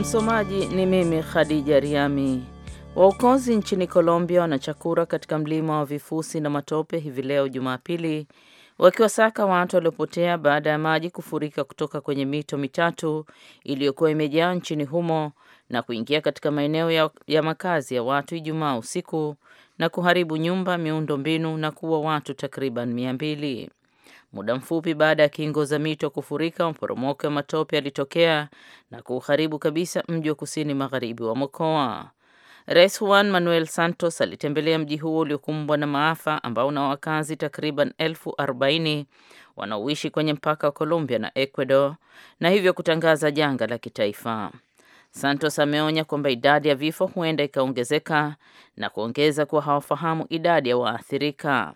Msomaji ni mimi Khadija Riami. Waokozi nchini Colombia wanachakura katika mlima wa vifusi na matope hivi leo Jumapili, wakiwasaka watu waliopotea baada ya maji kufurika kutoka kwenye mito mitatu iliyokuwa imejaa nchini humo na kuingia katika maeneo ya, ya makazi ya watu Ijumaa usiku na kuharibu nyumba, miundo mbinu na kuua watu takriban mia mbili. Muda mfupi baada ya kingo za mito kufurika, maporomoko ya matope yalitokea na kuharibu kabisa mji wa kusini magharibi wa Mokoa. Rais Juan Manuel Santos alitembelea mji huo uliokumbwa na maafa ambao una wakazi takriban elfu arobaini wanaoishi kwenye mpaka wa Colombia na Ecuador na hivyo kutangaza janga la kitaifa. Santos ameonya kwamba idadi ya vifo huenda ikaongezeka na kuongeza kuwa hawafahamu idadi ya waathirika.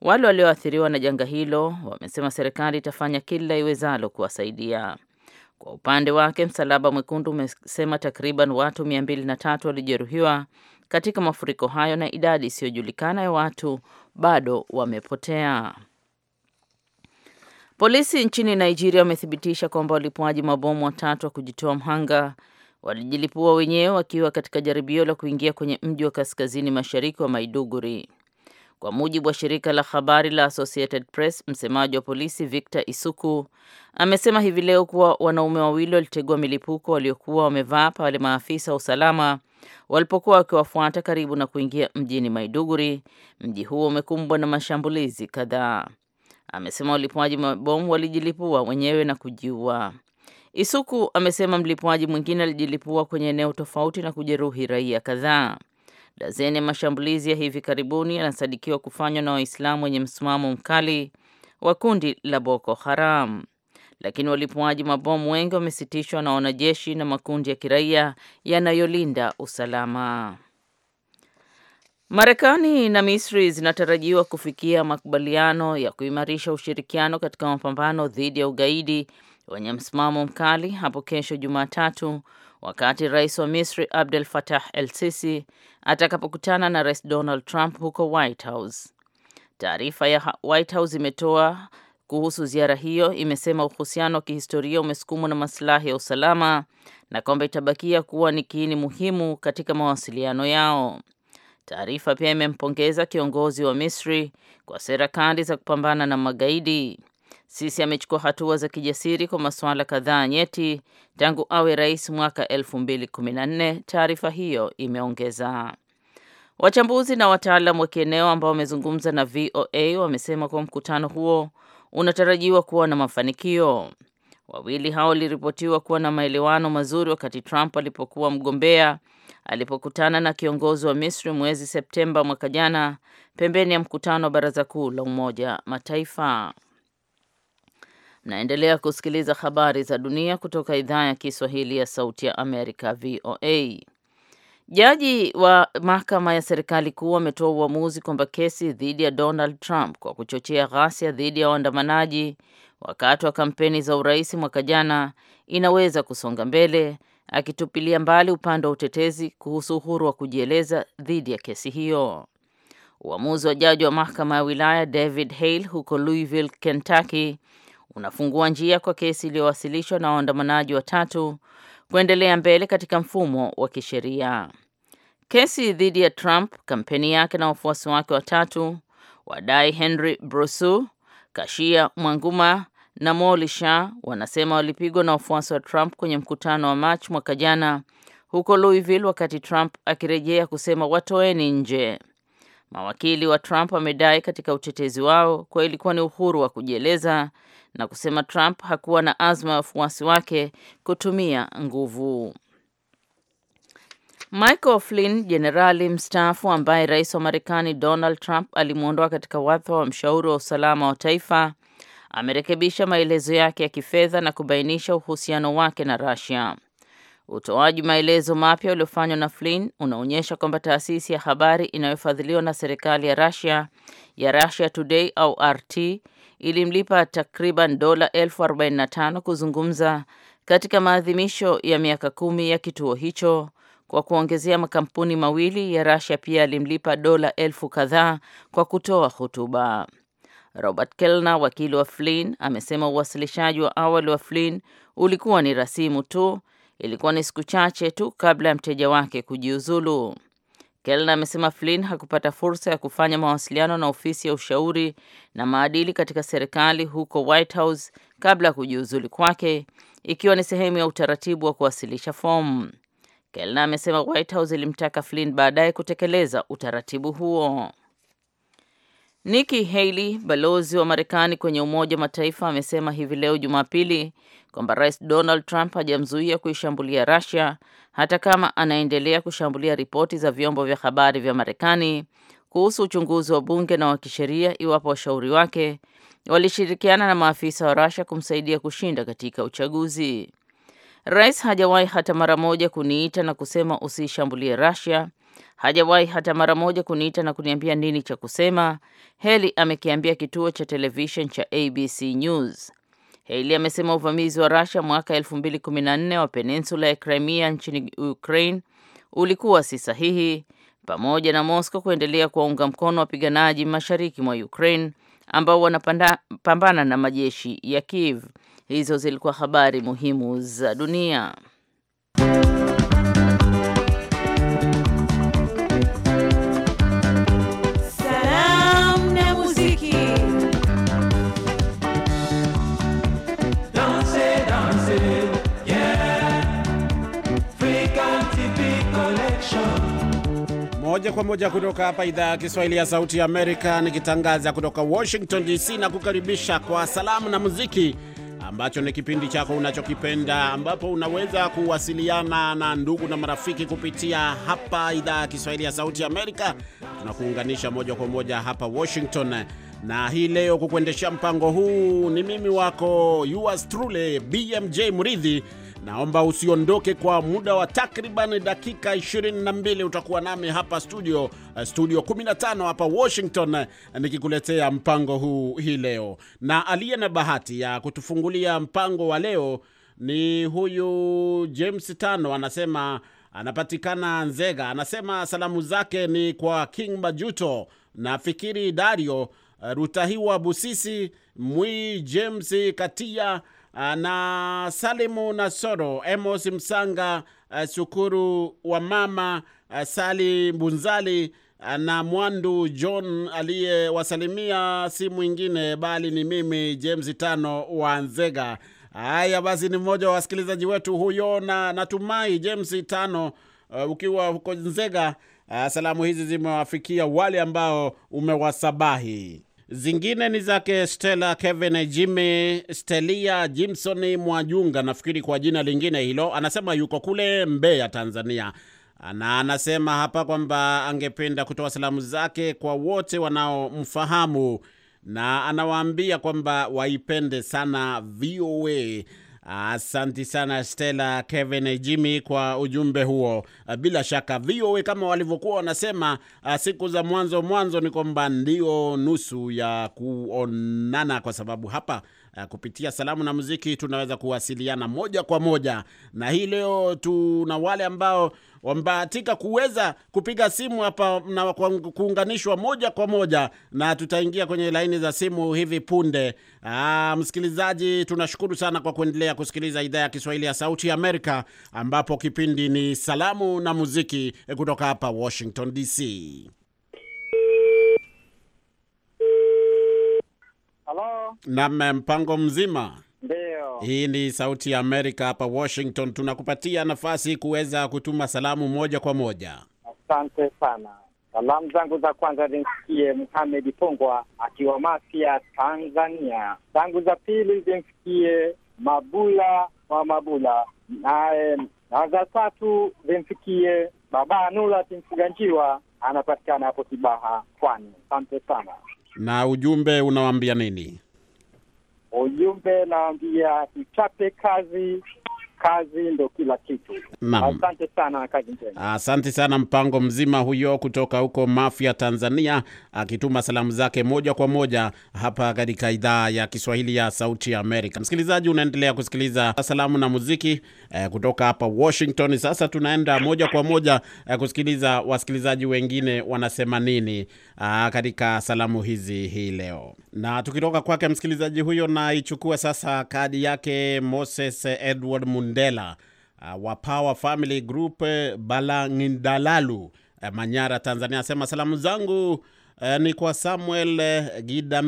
Wale walioathiriwa na janga hilo wamesema serikali itafanya kila iwezalo kuwasaidia. Kwa upande wake, Msalaba Mwekundu umesema takriban watu 203 walijeruhiwa katika mafuriko hayo na idadi isiyojulikana ya watu bado wamepotea. Polisi nchini Nigeria wamethibitisha kwamba walipuaji mabomu watatu wa kujitoa mhanga walijilipua wenyewe wakiwa katika jaribio la kuingia kwenye mji wa kaskazini mashariki wa Maiduguri. Kwa mujibu wa shirika la habari la Associated Press, msemaji wa polisi Victor Isuku amesema hivi leo kuwa wanaume wawili walitegua milipuko waliokuwa wamevaa pale maafisa wa usalama walipokuwa wakiwafuata karibu na kuingia mjini Maiduguri. Mji huo umekumbwa na mashambulizi kadhaa. Amesema walipuaji mabomu walijilipua wenyewe na kujiua. Isuku amesema mlipuaji mwingine alijilipua kwenye eneo tofauti na kujeruhi raia kadhaa. Dazeni ya mashambulizi ya hivi karibuni yanasadikiwa kufanywa na Waislamu wenye msimamo mkali wa kundi la Boko Haram, lakini walipuaji mabomu wengi wamesitishwa na wanajeshi na makundi ya kiraia yanayolinda usalama. Marekani na Misri zinatarajiwa kufikia makubaliano ya kuimarisha ushirikiano katika mapambano dhidi ya ugaidi wenye msimamo mkali hapo kesho Jumatatu wakati rais wa Misri Abdel Fattah El Sisi atakapokutana na rais Donald Trump huko White House. Taarifa ya White House imetoa kuhusu ziara hiyo imesema uhusiano wa kihistoria umesukumwa na masilahi ya usalama na kwamba itabakia kuwa ni kiini muhimu katika mawasiliano yao. Taarifa pia imempongeza kiongozi wa Misri kwa sera kali za kupambana na magaidi. Sisi amechukua hatua za kijasiri kwa masuala kadhaa nyeti tangu awe rais mwaka 2014, taarifa hiyo imeongeza. Wachambuzi na wataalam wa kieneo ambao wamezungumza na VOA wamesema kuwa mkutano huo unatarajiwa kuwa na mafanikio. Wawili hao waliripotiwa kuwa na maelewano mazuri wakati Trump alipokuwa mgombea alipokutana na kiongozi wa Misri mwezi Septemba mwaka jana pembeni ya mkutano wa Baraza Kuu la Umoja Mataifa. Mnaendelea kusikiliza habari za dunia kutoka idhaa ya Kiswahili ya Sauti ya Amerika, VOA. Jaji wa mahakama ya serikali kuu ametoa uamuzi kwamba kesi dhidi ya Donald Trump kwa kuchochea ghasia dhidi ya waandamanaji wakati wa kampeni za urais mwaka jana inaweza kusonga mbele, akitupilia mbali upande wa utetezi kuhusu uhuru wa kujieleza dhidi ya kesi hiyo. Uamuzi wa jaji wa mahakama ya wilaya David Hale huko Louisville, Kentucky unafungua njia kwa kesi iliyowasilishwa na waandamanaji watatu kuendelea mbele katika mfumo wa kisheria. Kesi dhidi ya Trump, kampeni yake na wafuasi wake watatu wadai Henry Brosu, Kashia Mwanguma na Moli wanasema walipigwa na wafuasi wa Trump kwenye mkutano wa Machi mwaka jana huko Louisville, wakati Trump akirejea kusema watoeni nje. Mawakili wa Trump wamedai katika utetezi wao kuwa ilikuwa ni uhuru wa kujieleza na kusema Trump hakuwa na azma ya wafuasi wake kutumia nguvu. Michael Flynn, jenerali mstaafu ambaye rais wa Marekani Donald Trump alimwondoa katika wadhifa wa mshauri wa usalama wa taifa, amerekebisha maelezo yake ya kifedha na kubainisha uhusiano wake na Russia. Utoaji maelezo mapya uliofanywa na Flynn unaonyesha kwamba taasisi ya habari inayofadhiliwa na serikali ya Russia ya Russia Today au RT ilimlipa takriban dola elfu 45 kuzungumza katika maadhimisho ya miaka kumi ya kituo hicho. Kwa kuongezea, makampuni mawili ya Russia pia alimlipa dola elfu kadhaa kwa kutoa hotuba. Robert Kelner, wakili wa Flynn, amesema uwasilishaji wa awali wa Flynn ulikuwa ni rasimu tu Ilikuwa ni siku chache tu kabla ya mteja wake kujiuzulu. kelna amesema Flynn hakupata fursa ya kufanya mawasiliano na ofisi ya ushauri na maadili katika serikali huko White House kabla ya kujiuzulu kwake, ikiwa ni sehemu ya utaratibu wa kuwasilisha fomu. kelna amesema White House ilimtaka Flynn baadaye kutekeleza utaratibu huo. Nikki Haley, balozi wa Marekani kwenye Umoja wa Mataifa, amesema hivi leo Jumapili kwamba Rais Donald Trump hajamzuia kuishambulia Russia hata kama anaendelea kushambulia ripoti za vyombo vya habari vya Marekani kuhusu uchunguzi wa bunge na wa kisheria iwapo washauri wake walishirikiana na maafisa wa Russia kumsaidia kushinda katika uchaguzi. Rais hajawahi hata mara moja kuniita na kusema usiishambulie Russia. Hajawahi hata mara moja kuniita na kuniambia nini cha kusema, Heli amekiambia kituo cha televishen cha ABC News. Heli amesema uvamizi wa Russia mwaka 2014 wa peninsula ya Crimea nchini Ukraine ulikuwa si sahihi, pamoja na Moscow kuendelea kuwaunga mkono wapiganaji mashariki mwa Ukraine ambao wanapambana na majeshi ya Kiev. Hizo zilikuwa habari muhimu za dunia. Moja kwa moja kutoka hapa idhaa ya Kiswahili ya Sauti ya Amerika, nikitangaza kutoka Washington DC na kukaribisha kwa salamu na muziki ambacho ni kipindi chako unachokipenda ambapo unaweza kuwasiliana na ndugu na marafiki kupitia hapa idhaa ya Kiswahili ya Sauti Amerika. Tunakuunganisha moja kwa moja hapa Washington, na hii leo kukuendeshea mpango huu ni mimi wako yours truly BMJ mridhi Naomba usiondoke kwa muda wa takriban dakika 22. Utakuwa nami hapa studio eh, studio 15 hapa Washington, eh, nikikuletea mpango huu hii leo, na aliye na bahati ya kutufungulia mpango wa leo ni huyu James Tano, anasema anapatikana Nzega. Anasema salamu zake ni kwa King Majuto na Fikiri Dario eh, Rutahiwa Busisi Mwi James Katia Ah, na Salimu Nasoro, Emos Msanga, ah, Shukuru wa mama ah, Sali bunzali na Mwandu John aliyewasalimia si mwingine bali ni mimi James Tano wa Nzega. Haya basi, ni mmoja wa wasikilizaji wetu huyo, na natumai James Tano, uh, ukiwa huko Nzega, uh, salamu hizi zimewafikia wale ambao umewasabahi. Zingine ni zake Stella Kevin Jimmy Stelia Jimson Mwajunga, nafikiri kwa jina lingine hilo. Anasema yuko kule Mbeya, Tanzania, na anasema hapa kwamba angependa kutoa salamu zake kwa wote wanaomfahamu na anawaambia kwamba waipende sana VOA Asanti sana Stella, Kevin, Jimmy kwa ujumbe huo. Bila shaka VOA kama walivyokuwa wanasema siku za mwanzo mwanzo, ni kwamba ndio nusu ya kuonana, kwa sababu hapa Eh, kupitia salamu na muziki tunaweza kuwasiliana moja kwa moja, na hii leo tuna wale ambao wamebahatika kuweza kupiga simu hapa na kuunganishwa moja kwa moja, na tutaingia kwenye laini za simu hivi punde. Aa, ah, msikilizaji, tunashukuru sana kwa kuendelea kusikiliza idhaa ya Kiswahili ya Sauti Amerika, ambapo kipindi ni salamu na muziki kutoka hapa Washington DC. Halo. Na mpango mzima. Ndio. Hii ni sauti ya Amerika hapa Washington, tunakupatia nafasi kuweza kutuma salamu moja kwa moja. Asante sana. Salamu zangu za kwanza zimfikie Muhamedi Pongwa akiwa mafia Tanzania. Zangu za pili zimfikie Mabula wa Mabula naye, na za tatu zimfikie Baba Nula Timfuganjiwa, anapatikana hapo Kibaha, Pwani. Asante sana. Na ujumbe unawaambia nini? Ujumbe naambia tuchape kazi, kazi ndo kila kitu. Asante sana na kazi njema. Asante sana mpango mzima huyo kutoka huko Mafia, Tanzania, akituma salamu zake moja kwa moja hapa katika idhaa ya Kiswahili ya Sauti ya Amerika. Msikilizaji, unaendelea kusikiliza salamu na muziki eh, kutoka hapa Washington. Sasa tunaenda moja kwa moja eh, kusikiliza wasikilizaji wengine wanasema nini ah, katika salamu hizi hii leo, na tukitoka kwake msikilizaji huyo, naichukua sasa kadi yake Moses Edward Mun Mondela uh, wa Power Family Group uh, Balangindalalu, uh, Manyara, Tanzania, asema salamu zangu ni kwa Samuel Gidamenyesha,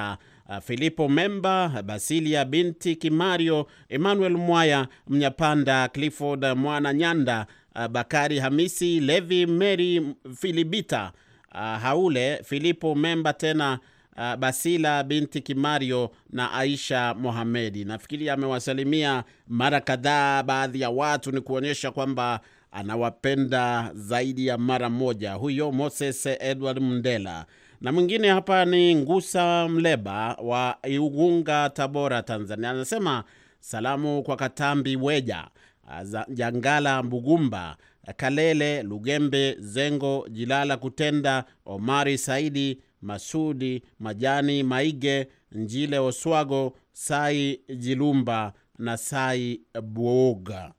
Menyesha, Filipo Memba, Basilia binti Kimario, Emmanuel Mwaya Mnyapanda, Clifford Mwana Nyanda, Bakari Hamisi Levi, Mary Filibita, Haule Filipo Memba tena uh, Basila binti Kimario na Aisha Mohamedi. Nafikiri amewasalimia mara kadhaa baadhi ya watu, ni kuonyesha kwamba anawapenda zaidi ya mara moja. Huyo Moses Edward Mndela na mwingine hapa ni Ngusa Mleba wa Igunga, Tabora, Tanzania. Anasema salamu kwa Katambi Weja, Jangala Mbugumba, Kalele Lugembe, Zengo Jilala, Kutenda Omari Saidi Masudi Majani, Maige Njile, Oswago Sai Jilumba na Sai Buoga.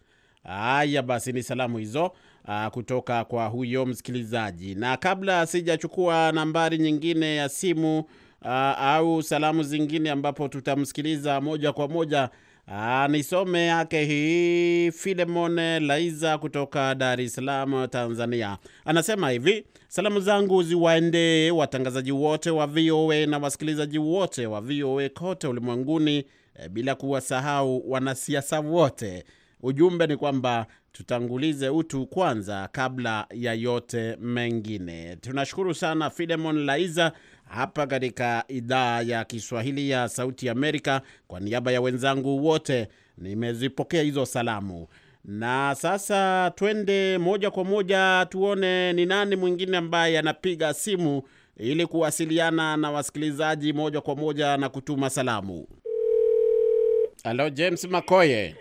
Haya basi, ni salamu hizo aa, ah, kutoka kwa huyo msikilizaji, na kabla sijachukua nambari nyingine ya simu aa, ah, au salamu zingine ambapo tutamsikiliza moja kwa moja Aa, ah, nisome yake hii filemon Laiza kutoka Dar es Salaam, Tanzania. Anasema hivi: salamu zangu ziwaende watangazaji wote wa VOA na wasikilizaji wote wa VOA kote ulimwenguni, e, bila kuwasahau wanasiasa wote. Ujumbe ni kwamba tutangulize utu kwanza kabla ya yote mengine. Tunashukuru sana Filemon Laiza hapa katika idhaa ya Kiswahili ya Sauti Amerika. Kwa niaba ya wenzangu wote nimezipokea hizo salamu, na sasa twende moja kwa moja tuone ni nani mwingine ambaye anapiga simu ili kuwasiliana na wasikilizaji moja kwa moja na kutuma salamu. Halo, James Makoye.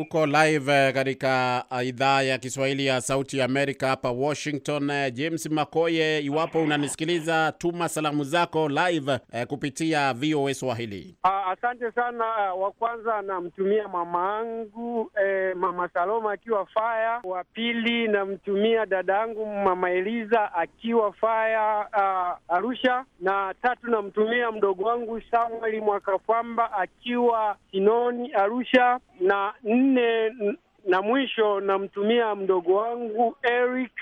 Uko live eh, katika eh, idhaa ya Kiswahili ya Sauti ya Amerika hapa Washington. Eh, James Makoye, iwapo unanisikiliza, tuma salamu zako live eh, kupitia VOA Swahili. Ah, asante sana. Wa kwanza namtumia mama angu eh, mama Saloma akiwa faya. Wa pili namtumia dada angu mama Eliza akiwa faya uh, Arusha, na tatu namtumia mdogo wangu samueli mwakafwamba akiwa Sinoni Arusha, na nne na mwisho namtumia mdogo wangu Eric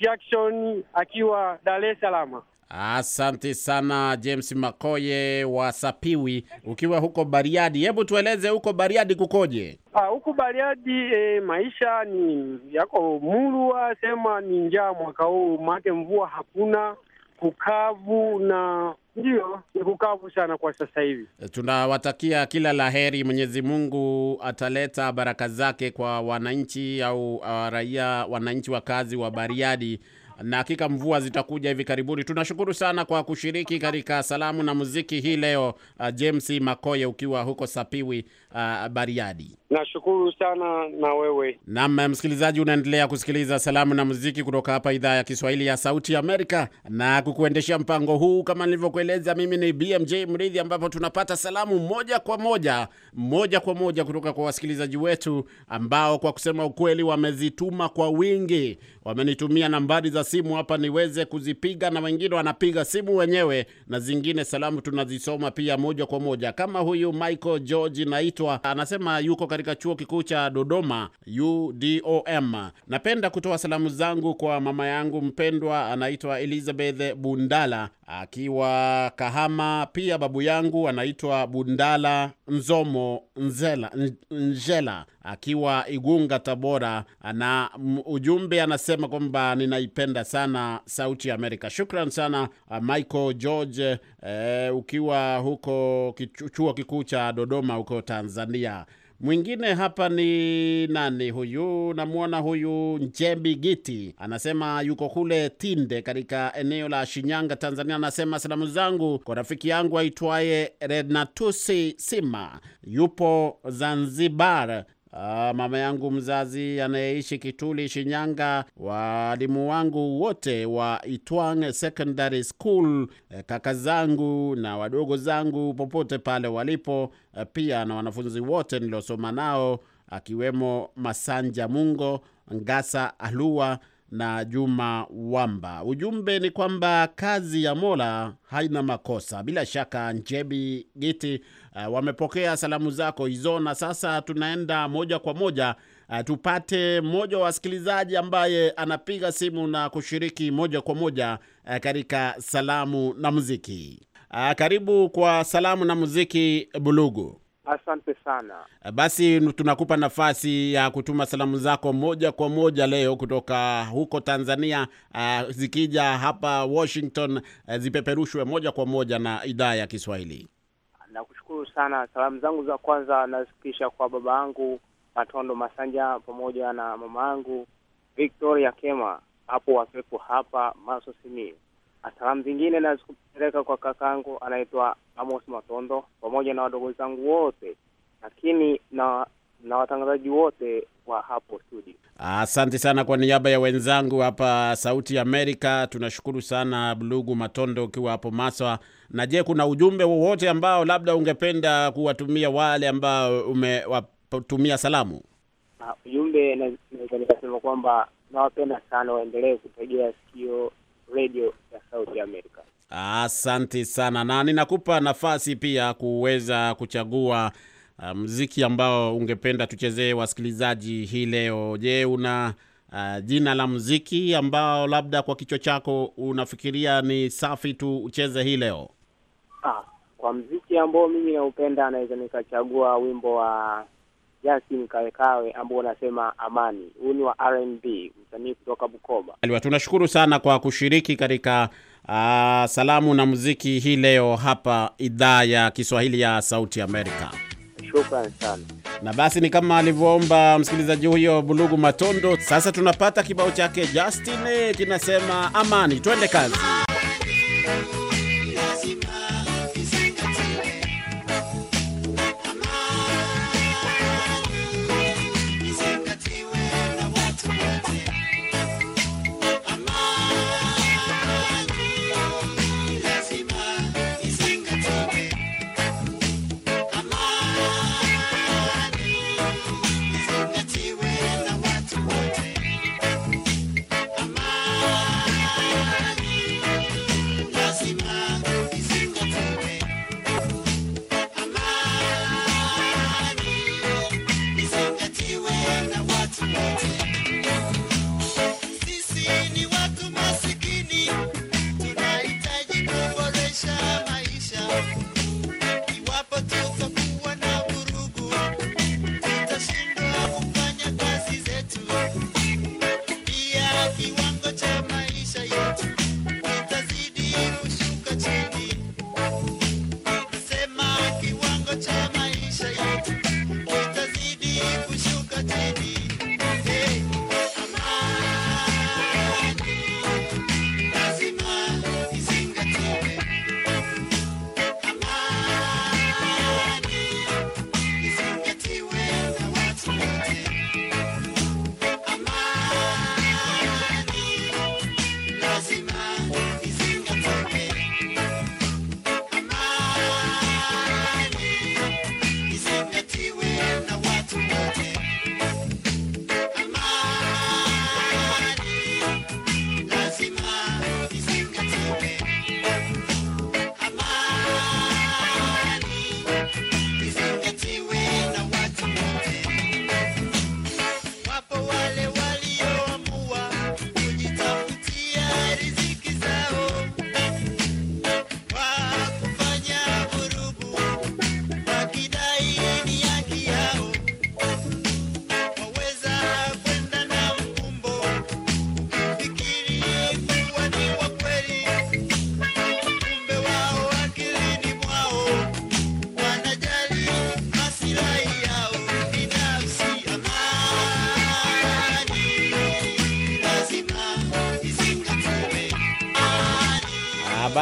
Jackson akiwa Dar es Salaam. Asante sana James Makoye wa Sapiwi, ukiwa huko Bariadi. Hebu tueleze huko Bariadi kukoje? Ah, huko Bariadi e, maisha ni yako murua, sema ni njaa mwaka huu, make mvua hakuna kukavu na ndio ni kukavu sana kwa sasa hivi. Tunawatakia kila la heri. Mwenyezi Mungu ataleta baraka zake kwa wananchi au uh, raia, wananchi wakazi wa Bariadi, na hakika mvua zitakuja hivi karibuni. Tunashukuru sana kwa kushiriki katika salamu na muziki hii leo, uh, James Makoye ukiwa huko Sapiwi, uh, Bariadi. Nashukuru sana na wewe. Naam, msikilizaji, unaendelea kusikiliza salamu na muziki kutoka hapa idhaa ya Kiswahili ya Sauti Amerika, na kukuendeshea mpango huu kama nilivyokueleza, mimi ni BMJ Mridhi, ambapo tunapata salamu moja kwa moja moja kwa moja kutoka kwa wasikilizaji wetu ambao kwa kusema ukweli wamezituma kwa wingi. Wamenitumia nambari za simu hapa niweze kuzipiga, na wengine wanapiga simu wenyewe, na zingine salamu tunazisoma pia moja kwa moja, kama huyu Michael George naitwa anasema yuko katika chuo kikuu cha Dodoma UDOM. Napenda kutoa salamu zangu kwa mama yangu mpendwa anaitwa Elizabeth Bundala akiwa Kahama, pia babu yangu anaitwa Bundala Nzomo Nzela, Njela akiwa Igunga, Tabora, na ujumbe anasema kwamba ninaipenda sana Sauti ya Amerika. Shukran sana Michael George eh, ukiwa huko chuo kikuu cha Dodoma huko Tanzania. Mwingine hapa ni nani huyu? Namwona huyu Njembi Giti, anasema yuko kule Tinde katika eneo la Shinyanga, Tanzania. Anasema salamu zangu kwa rafiki yangu aitwaye Renatusi Sima, yupo Zanzibar. Uh, mama yangu mzazi anayeishi Kituli Shinyanga, walimu wangu wote wa Itwang Secondary School, eh, kaka zangu na wadogo zangu popote pale walipo, eh, pia na wanafunzi wote niliosoma nao akiwemo Masanja Mungo, Ngasa Alua na Juma Wamba. Ujumbe ni kwamba kazi ya Mola haina makosa. Bila shaka Njebi Giti Uh, wamepokea salamu zako hizo, na sasa tunaenda moja kwa moja uh, tupate mmoja wa wasikilizaji ambaye anapiga simu na kushiriki moja kwa moja uh, katika salamu na muziki. Uh, karibu kwa salamu na muziki Bulugu. Asante sana. Basi tunakupa nafasi ya kutuma salamu zako moja kwa moja leo kutoka huko Tanzania, uh, zikija hapa Washington, uh, zipeperushwe moja kwa moja na idhaa ya Kiswahili nashukuru sana. Salamu zangu za kwanza nazifikisha kwa baba yangu Matondo Masanja pamoja na mama yangu Victoria Kema hapo wakiwepo hapa Masosimi. Salamu zingine nazikupeleka kwa kakangu anaitwa Amos Matondo pamoja na wadogo zangu wote, lakini na na watangazaji wote kwa hapo studio. Asante sana kwa niaba ya wenzangu hapa Sauti Amerika, tunashukuru sana Blugu Matondo ukiwa hapo Maswa. Na je, kuna ujumbe wowote ambao labda ungependa kuwatumia wale ambao umewatumia salamu? Ujumbe naweza nikasema kwamba nawapenda sana, waendelee kutegea sikio redio ya Sauti Amerika. Asante sana, na ninakupa nafasi pia kuweza kuchagua uh, ah, mziki ambao ungependa tuchezee wasikilizaji hii leo. Je, una uh, jina la mziki ambao labda kwa kichwa chako unafikiria ni safi tu ucheze hii leo? Ah, kwa mziki ambao mimi naupenda naweza nikachagua wimbo wa Justin Kawekawe ambao unasema amani. Huu ni wa R&B, msanii kutoka Bukoba. Tunashukuru sana kwa kushiriki katika uh, salamu na muziki hii leo hapa idhaa ya Kiswahili ya Sauti Amerika. Shukrani sana. Na basi ni kama alivyoomba msikilizaji huyo Bulugu Matondo. Sasa tunapata kibao chake Justin kinasema amani. Twende kazi.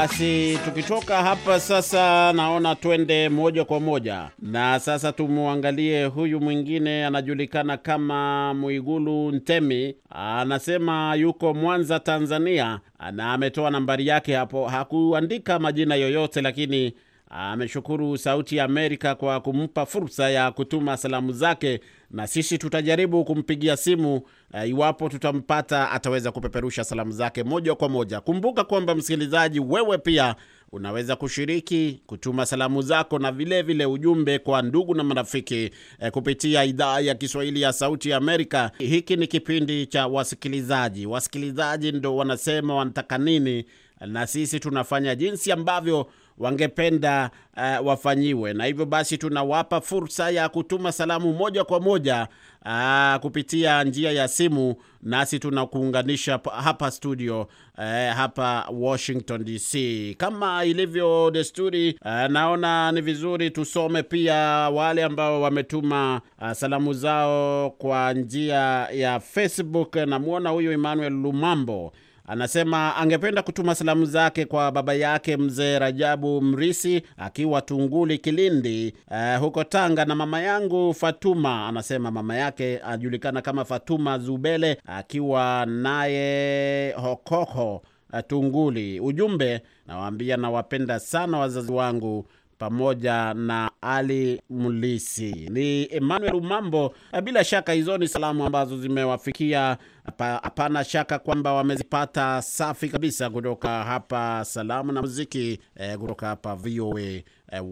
Basi tukitoka hapa sasa, naona twende moja kwa moja na sasa tumwangalie huyu mwingine, anajulikana kama Mwigulu Ntemi, anasema yuko Mwanza, Tanzania, na ametoa nambari yake hapo, hakuandika majina yoyote, lakini ameshukuru Sauti ya Amerika kwa kumpa fursa ya kutuma salamu zake, na sisi tutajaribu kumpigia simu eh, iwapo tutampata, ataweza kupeperusha salamu zake moja kwa moja. Kumbuka kwamba msikilizaji, wewe pia unaweza kushiriki kutuma salamu zako na vilevile vile ujumbe kwa ndugu na marafiki e, kupitia idhaa ya Kiswahili ya Sauti ya Amerika. Hiki ni kipindi cha wasikilizaji. Wasikilizaji ndo wanasema wanataka nini, na sisi tunafanya jinsi ambavyo wangependa uh, wafanyiwe, na hivyo basi tunawapa fursa ya kutuma salamu moja kwa moja uh, kupitia njia ya simu, nasi tunakuunganisha hapa studio uh, hapa Washington DC. Kama ilivyo desturi uh, naona ni vizuri tusome pia wale ambao wametuma uh, salamu zao kwa njia ya Facebook. Namwona huyu Emmanuel Lumambo Anasema angependa kutuma salamu zake kwa baba yake mzee Rajabu Mrisi akiwa Tunguli Kilindi, uh, huko Tanga, na mama yangu Fatuma. Anasema mama yake anajulikana kama Fatuma Zubele akiwa naye Hokoko eh, Tunguli. Ujumbe nawaambia, nawapenda sana wazazi wangu pamoja na Ali Mulisi. Ni Emmanuel umambo eh, Bila shaka hizo ni salamu ambazo zimewafikia, hapana shaka kwamba wamezipata safi kabisa kutoka hapa Salamu na Muziki, eh, kutoka hapa VOA eh,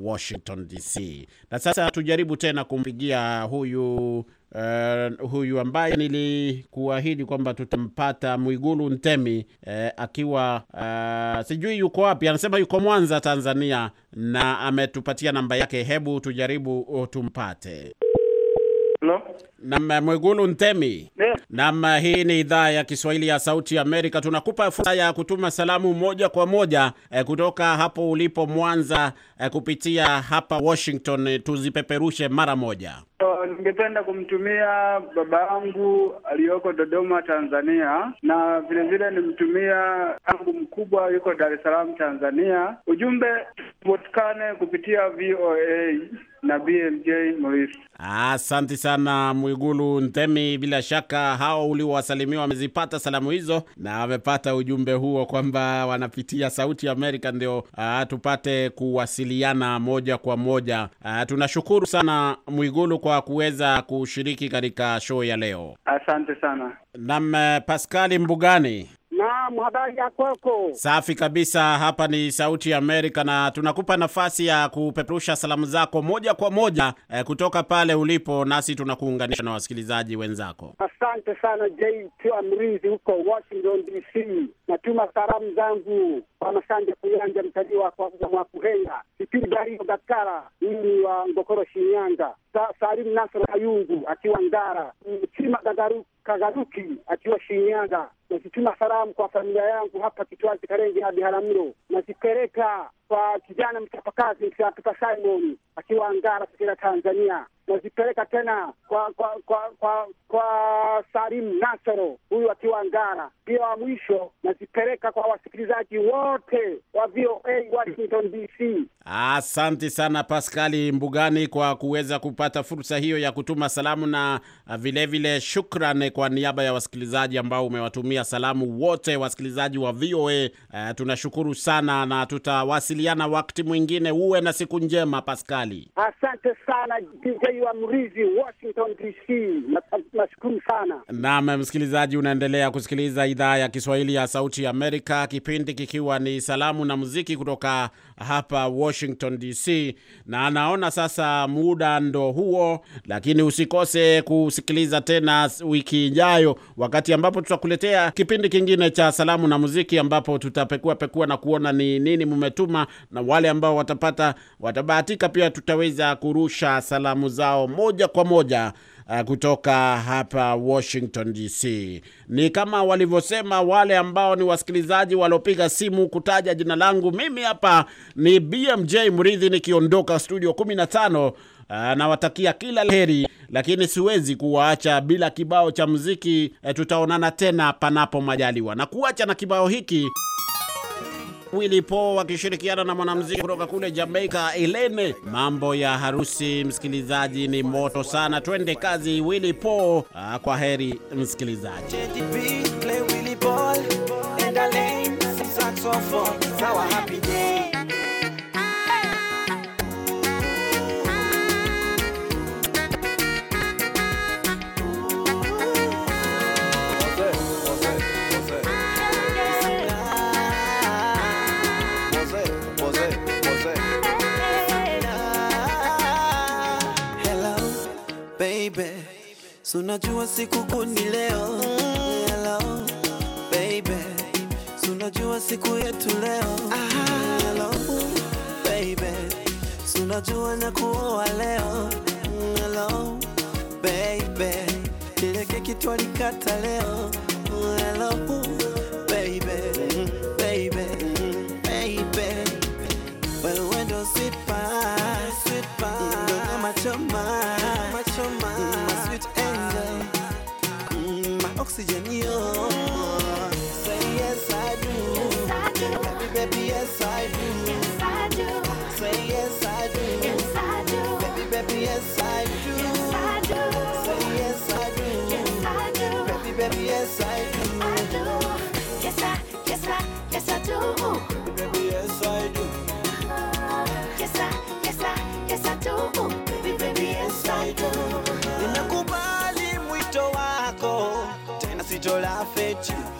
Washington DC. Na sasa tujaribu tena kumpigia huyu uh, huyu ambaye nilikuahidi kwamba tutampata Mwigulu Ntemi uh, akiwa uh, sijui yuko wapi, anasema yuko Mwanza, Tanzania, na ametupatia namba yake. Hebu tujaribu oh, tumpate. No. Mwigulu Ntemi. Yeah. hii ni idhaa ya Kiswahili ya Sauti ya Amerika. Tunakupa fursa ya kutuma salamu moja kwa moja eh, kutoka hapo ulipo Mwanza eh, kupitia hapa Washington eh, tuzipeperushe mara moja. So, ningependa kumtumia baba yangu aliyoko Dodoma Tanzania, na vilevile nimtumia yangu mkubwa yuko Dar es Salaam Tanzania ujumbe, tupatikane kupitia VOA na BMJ Murithi. Asante sana Mwigulu Ntemi, bila shaka hao uliowasalimia wamezipata salamu hizo na wamepata ujumbe huo kwamba wanapitia Sauti ya Amerika ndio ah, tupate kuwasiliana moja kwa moja. Ah, tunashukuru sana Mwigulu kwa kuweza kushiriki katika show ya leo. Asante sana. Naam, eh, Paskali Mbugani. Naam, habari ya kwako? Safi kabisa. Hapa ni Sauti ya Amerika na tunakupa nafasi ya kupeperusha salamu zako moja kwa moja eh, kutoka pale ulipo, nasi tunakuunganisha na wasikilizaji wenzako. Asante sana Jay, Mrizi huko Washington DC. Natuma salamu zangu masanja Kuyanja, mtalii wa kwanza mwa Kuhenga, Sipiri Bario Gakara, mimi wa Ngokoro Shinyanga, Sa Salimu Nasra Ayungu akiwa Ngara, Mtima Kagaruki akiwa Shinyanga. Nazituma salamu kwa familia yangu hapa Kitwazi Karenge hadi Haramlo, nazipeleka kwa kijana mchapakazi Mtapika Simon akiwa Ngara Kagera, Tanzania. Nazipeleka tena kwa kwa kwa kwa, kwa Salim Nasoro huyu akiwa Ngara. Pia wa mwisho nazipeleka kwa wasikilizaji wote wa VOA Washington DC. Asante sana Paskali Mbugani kwa kuweza kupata fursa hiyo ya kutuma salamu na vilevile vile shukran kwa niaba ya wasikilizaji ambao umewatumia salamu wote wasikilizaji wa VOA. Uh, eh, tunashukuru sana na tutawasi tutawasiliana wakati mwingine. Uwe na siku njema Paskali. Asante sana DJ wa Mrizi, Washington DC. Nashukuru sana. nam. msikilizaji, unaendelea kusikiliza idhaa ya Kiswahili ya Sauti ya Amerika, kipindi kikiwa ni salamu na muziki kutoka hapa Washington DC, na anaona sasa muda ndo huo, lakini usikose kusikiliza tena wiki ijayo, wakati ambapo tutakuletea kipindi kingine cha salamu na muziki, ambapo tutapekua pekua na kuona ni nini mmetuma na wale ambao watapata watabahatika pia tutaweza kurusha salamu zao moja kwa moja uh, kutoka hapa Washington DC. Ni kama walivyosema wale ambao ni wasikilizaji waliopiga simu kutaja jina langu. Mimi hapa ni BMJ Mridhi nikiondoka studio 15 nawatakia uh, kila heri, lakini siwezi kuwaacha bila kibao cha muziki. E, tutaonana tena panapo majaliwa, na kuacha na kibao hiki. Willy Paul wakishirikiana na mwanamuziki kutoka kule Jamaica elene Mambo ya harusi, msikilizaji, ni moto sana. Twende kazi, Willy Paul. Ah, kwa heri msikilizaji. JDP, Clay, Willy Paul, Sunajua siku kuni leo Hello, baby Sunajua siku yetu leo Hello, baby Sunajua na kuoa leo Hello, baby Ile keki twalikata leo Hello, baby. где не get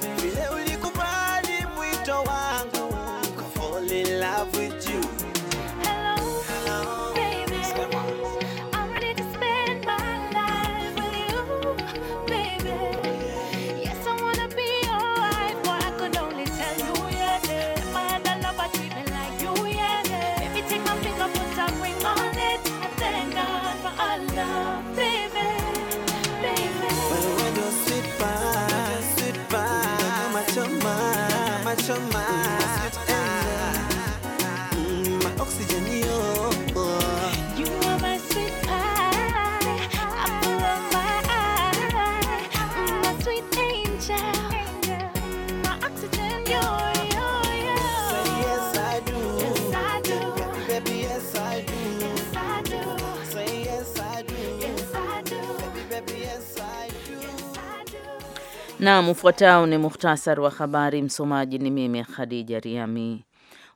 Naam, ufuatao ni muhtasari wa habari. Msomaji ni mimi Khadija Riami.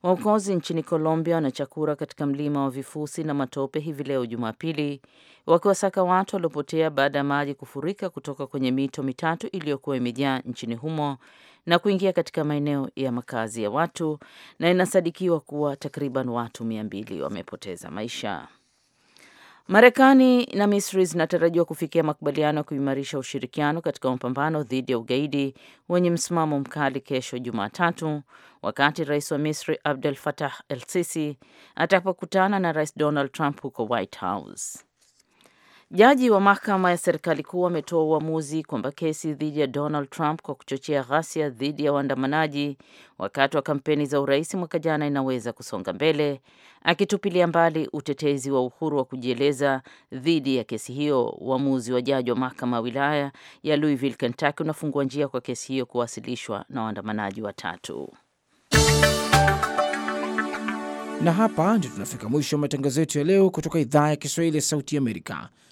Waokozi nchini Colombia wanachakura katika mlima wa vifusi na matope hivi leo Jumapili, wakiwasaka watu waliopotea baada ya maji kufurika kutoka kwenye mito mitatu iliyokuwa imejaa nchini humo na kuingia katika maeneo ya makazi ya watu, na inasadikiwa kuwa takriban watu mia mbili wamepoteza maisha. Marekani na Misri zinatarajiwa kufikia makubaliano ya kuimarisha ushirikiano katika mapambano dhidi ya ugaidi wenye msimamo mkali kesho Jumatatu, wakati rais wa Misri Abdel Fattah el Sisi atapokutana na rais Donald Trump huko White House. Jaji wa mahakama ya serikali kuu ametoa uamuzi kwamba kesi dhidi ya Donald Trump kwa kuchochea ghasia dhidi ya waandamanaji wakati wa kampeni za urais mwaka jana inaweza kusonga mbele, akitupilia mbali utetezi wa uhuru wa kujieleza dhidi ya kesi hiyo. Uamuzi wa jaji wa mahakama ya wilaya ya Louisville, Kentucky unafungua njia kwa kesi hiyo kuwasilishwa na waandamanaji watatu. Na hapa ndio tunafika mwisho wa matangazo yetu ya leo kutoka idhaa ya Kiswahili ya Sauti Amerika.